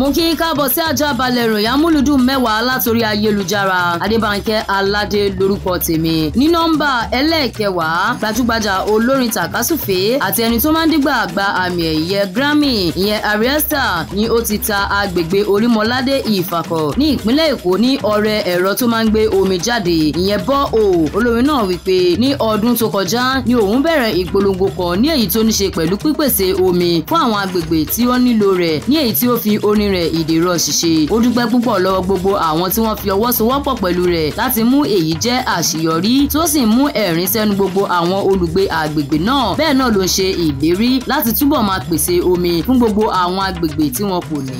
mo kí n káàbọ̀ sí ajá balẹ̀ ìròyìn amúlùdùn mẹ́wàá látòrí ayélujára adébánkẹ́ aládé lórúkọ tèmi ní nọ́mbà ẹlẹ́ẹ̀kẹwàá gbajúgbajà olórin tàkásùfé àti ẹni tó máa ń dígbà gba àmì ẹ̀yẹ grammy ìyẹn ariesta ni ó ti ta agbègbè orímọládé ìfàkọ̀ ní ìpínlẹ̀ èkó ní ọrẹ ẹ̀rọ tó máa ń gbé omi jáde ìyẹn bọ́ o olórin náà wípé ní ọdún tó kọjá ni òun bẹ̀rẹ̀ ìpolongo kan ní èyí tó ní ṣe pẹ̀lú pípèsè omi fún àwọn agbègbè rẹ̀ ìdèrò ṣiṣe ó dúpẹ́ púpọ̀ lọ́wọ́ gbogbo àwọn tí wọ́n fi ọwọ́ sowọ́pọ̀ pẹ̀lú rẹ̀ láti mú èyí jẹ́ àṣeyọrí tí ó sì mú ẹ̀rín sẹ́nu gbogbo àwọn olùgbé àgbègbè náà bẹ́ẹ̀ náà ló ń ṣe ìlérí láti túbọ̀ máa pèsè omi fún gbogbo àwọn agbègbè tí wọn kò ní.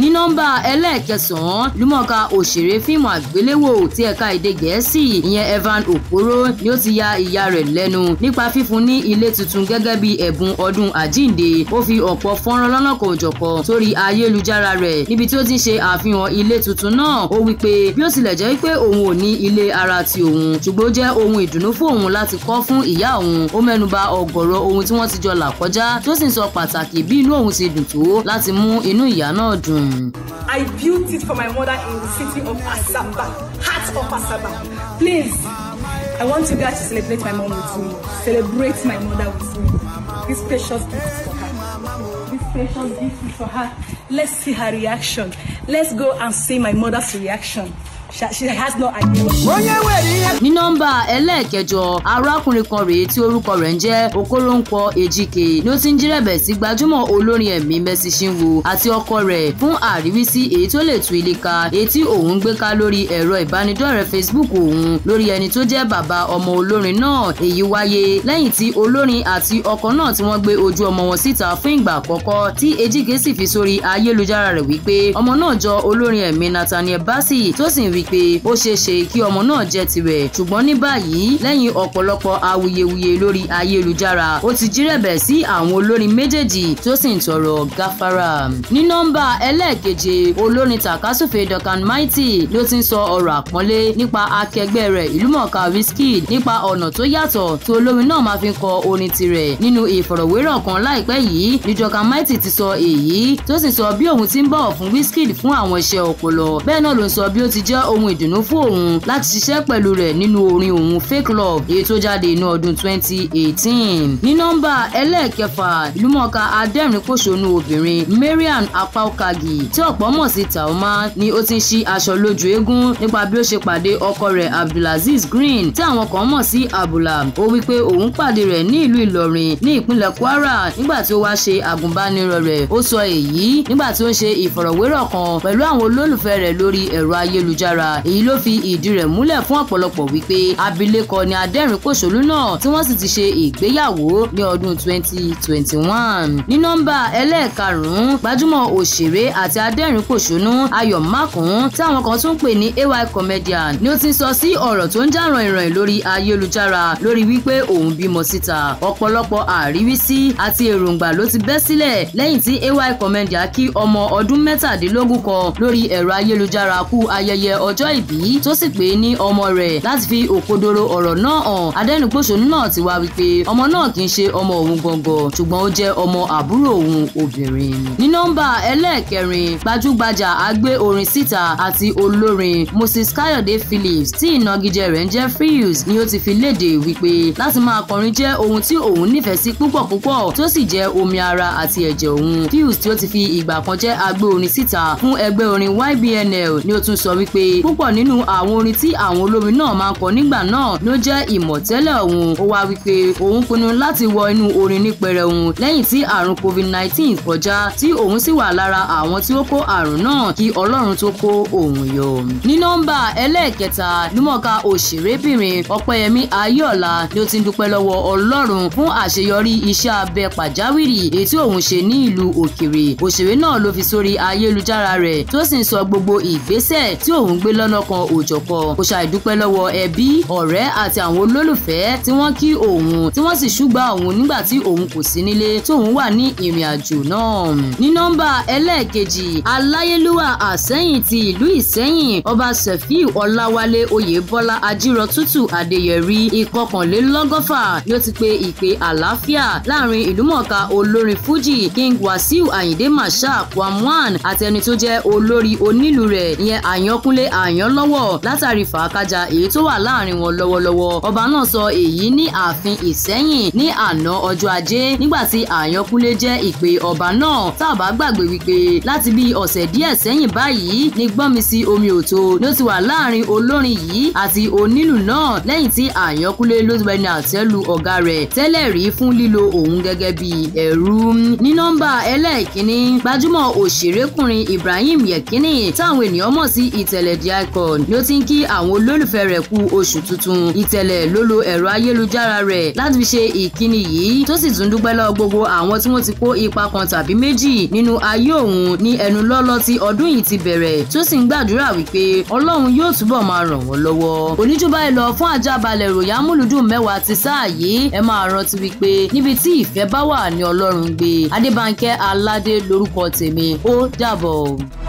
ní nọ́mbà ẹlẹ́ẹ̀kẹsàn-án lúmọ̀ọ́ká òṣèré fíìmù àgbéléwò ti ẹ̀ka èdè gẹ̀ẹ́sì ìyẹn Evan Okoro ni ó ti ya ìyá rẹ̀ lẹ́nu nípa fífún ní ilé tuntun gẹ́gẹ́ bí ẹ̀bùn ọdún àjíǹde ó fi ọ̀pọ̀ fọ́nrán lọ́nà kòjọ̀kọ̀ sórí ayélujára ayélujára rẹ̀ níbi tí ó ti ń ṣe àfihàn ilé tuntun náà ó wí pé bí ó tilẹ̀ jẹ́ pé òun ò ní ilé ara ti òun ṣùgbọ́n ó jẹ́ ohun ìdùnnú fún òun láti kọ́ fún ìyá òun ó mẹ́nuba ọ̀gọ̀rọ̀ ohun tí wọ́n ti jọ là kọjá tó sì ń sọ pàtàkì bí inú òun ti dùn tó láti mú inú ìyá náà dùn. I built it for my mother in the city of Asaba, heart of Asaba. Please, I want you guys to celebrate my mom with me. Celebrate my mother with me. This precious gift for her. special gift for her. Let's see her reaction. Let's go and see my mother's reaction. she has no idea. ní nọ́mbà ẹlẹ́ẹ̀kẹjọ arákùnrin kan rèé tí orúkọ rẹ̀ ń jẹ́ okoronkwo ejike ni ó ti ń jírẹ̀bẹ̀ sí gbajúmọ̀ olórin ẹ̀mí Mercy Chinwo àti ọkọ rẹ̀ fún àríwísí èyí tó lè tu ilé ka èyí tí òun gbé ká lórí ẹ̀rọ ìbánidọ́rẹ̀ẹ́ Facebook òun lórí ẹni tó jẹ́ bàbá ọmọ olórin náà èyí wáyé lẹ́yìn tí olórin àti ọkọ náà tí wọ́n gbé ojú ọmọ wọn síta fún ìgbà àkọ́kọ́ tí ejike sì fi sórí ayélujára rẹ̀ pé ó ṣeé ṣe kí ọmọ náà jẹ́ tirẹ̀ ṣùgbọ́n ní báyìí lẹ́yìn ọ̀pọ̀lọpọ̀ awuyewuye lórí ayélujára ó ti jírẹ̀bẹ̀ sí àwọn olórin méjèèjì tó sì ń tọrọ gáfárà ní nọ́mbà ẹlẹ́ẹ̀keje olórin tàkásùfè Duncan Mighty ló ti ń sọ ọ̀rọ̀ àpọ́nlé nípa akẹgbẹ́ rẹ̀ ìlúmọ̀ọ́ká Wizkid nípa ọ̀nà tó yàtọ̀ tí olórin náà máa fi kọ orin tirẹ̀ nínú ìfọ̀rọ̀wérọ̀ kan láìpẹ́ yìí ni Duncan Mighty ti sọ èyí tó sì sọ bí òun ti ń bọ̀wọ̀ fún Wizkid fún àwọn iṣẹ́ ọpọlọ bẹ́ẹ̀ náà ló ń sọ bí ó ti jẹ́ ohun ìdùnnú fún òun láti ṣiṣẹ́ pẹ̀lú rẹ̀ nínú orin òun fake love èyí tó jáde inú ọdún 2018. ní nọ́mbà ẹlẹ́ẹ̀kẹfà ìlúmọ̀ọ́ká adẹ́rìnpòṣónú obìnrin Mariam Apaokagi tí ọ̀pọ̀ mọ̀ sí Taoma ni ó ti ń ṣí aṣọ lójú eégún nípa bí ó ṣe pàdé ọkọ rẹ̀ Abdulaziz Green tí àwọn kan mọ̀ sí Abula ó wí pé òun pàdé rẹ̀ ní ìlú Ìlọrin ní ìpínlẹ̀ Kwara nígbà tí ó wá ṣe àgùnbánirọ̀ rẹ̀ ó sọ èyí nígbà tí ó ń ṣe ìfọ̀rọ̀wérọ̀ kan pẹ̀lú àwọn olólùfẹ́ rẹ̀ lórí ẹ̀rọ ayélujára lára èyí ló fi ìdí rẹ̀ múlẹ̀ fún ọ̀pọ̀lọpọ̀ wípé abilékọ ni adẹ́rìnpòṣónú náà tí wọ́n sì ti ṣe ìgbéyàwó ní ọdún 2021 ní nọ́mbà ẹlẹ́ẹ̀karùn-ún gbajúmọ̀ òṣèré àti adẹ́rìnpòṣónú ayọ̀ mákùn táwọn kan tún ń pè ní ay comedian ni ó ti sọ sí ọ̀rọ̀ tó ń jà ràn-ìràn lórí ayélujára lórí wípé òun bímọ síta ọ̀pọ̀lọpọ̀ àríwísí àti èròǹgbà ló ti bẹ́ sílẹ̀ lẹ́yìn tí ay comedian kí ọmọ ọdún mẹ́tàdínlógún kan lórí ẹ̀rọ ayélujára kú ayẹyẹ ọjọ́ ìbí tó sì pé ní ọmọ rẹ̀ láti fi òkodoro ọ̀rọ̀ náà hàn adẹ́nupòṣónú náà ti wá wípé ọmọ náà kì í ṣe ọmọ òun gangan ṣùgbọ́n ó jẹ́ ọmọ àbúrò òun obìnrin. ní nọ́mbà ẹlẹ́ẹ̀kẹrin gbajúgbajà agbé orin síta àti olórin Moses Kayode Phillips tí ìnagijẹ rẹ̀ ń jẹ́ Freeze ni ó ti fi léde wípé láti máa kọrin jẹ́ ohun tí òun nífẹ̀ẹ́ sí púpọ̀ púpọ̀ tó sì jẹ́ omi ara àti ẹ̀jẹ̀ òun Freeze tí ó ti fi ìgbà kan jẹ́ agbé orin síta fún ẹgbẹ́ orin YBNL ni ó tún sọ wípé púpọ̀ nínú àwọn orin tí àwọn olórin náà máa kọ nígbà náà ló jẹ́ ìmọ̀tẹ́lẹ̀ òun ó wá wípé òun pinnu láti wọ inú orin ní pẹrẹun lẹ́yìn tí àrùn covid-19 kọjá tí òun sì wà lára àwọn tí ó kó àrùn náà kí ọlọ́run tó kó òun yọ. ní nọ́mbà ẹlẹ́ẹ̀kẹta lúmọ̀ọ́ká òṣèrébìnrin ọpẹ́yẹmí ayọ̀ọ́lá ni ó ti ń dúpẹ́ lọ́wọ́ ọlọ́run fún àṣeyọrí iṣẹ́ abẹ pàjáwìrì èyí tí òun ṣe ní ìlú òkèrè òṣèré náà ló fi sórí ayélujára rẹ̀ tó sì ń sọ gbogbo ìgbésẹ̀ tí òun pé lọ́nà kan òjọ̀kan kò ṣàì dúpẹ́ lọ́wọ́ ẹbí ọ̀rẹ́ àti àwọn olólùfẹ́ tí wọ́n kí òun tí wọ́n sì ṣúgbà òun nígbà tí òun kò sí nílé tóun wà ní ìrìn àjò náà ní nọ́mbà ẹlẹ́ẹ̀kejì aláyélúwà àsẹ́yìn ti ìlú ìsẹ́yìn ọba sefiu ọláwálé oyèbọ́lá ajírọ̀tútù adéyẹrí ìkọkànlélọ́gọ́fà ni ó ti pe ìpè àlàáfíà láàrin ìlúmọ̀ọ́ká olórin fuji king wasiu ayinde marshal kwamwan àtẹni tó jẹ́ olórí onílù rẹ̀ ìyẹn àyànkúnlé àyàn lọ́wọ́ látàrí fàákájà èyí tó wà láàrin wọn lọ́wọ́lọ́wọ́ ọba náà sọ èyí ní ààfin ìsẹ́yìn ní àná ọjọ́ ajé nígbà tí àyàn kúnlé jẹ́ ìpè ọba náà tá a bá gbàgbé wípé láti bí ọ̀sẹ̀ díẹ̀ sẹ́yìn báyìí ni gbọ́nmisí omi òtó ló ti wà láàrin olórin yìí àti onílù náà lẹ́yìn tí àyàn kúnlé ló ti wẹni àtẹ́lu ọ̀gá rẹ̀ tẹ́lẹ̀ rí fún lílo òun gẹ́gẹ́ bí ẹ̀rú ní nọ́mbà ẹlẹ́ẹ̀kínní gbajúmọ̀ òṣèrékùnrin Ibrahim Yekini táwọn ènìyàn mọ̀ sí ìtẹ̀lẹ̀ icon ni ó ti ń kí àwọn olólùfẹ́ rẹ̀ kú oṣù tuntun ìtẹ̀lẹ̀ ló lo ẹ̀rọ ayélujára rẹ̀ láti fi ṣe ìkíni yìí tó sì tún dúpẹ́ lọ́wọ́ gbogbo àwọn tí wọ́n ti kó ipa kan tàbí méjì nínú ayé òun ní ẹnu lọ́lọ́ tí ọdún yìí ti bẹ̀rẹ̀ tó sì ń gbàdúrà wípé ọlọ́run yóò túbọ̀ máa ràn wọ́n lọ́wọ́ oníjúbà ẹ lọ fún àjábalẹ̀ ròyà múlùdùn mẹ́wàá ti sáà yìí ẹ máa rántí wípé níbi tí ìfẹ́ bá wà ní ọlọ́run gbé adébánkẹ́ aládé lórúkọ tèmi ó dàbọ̀.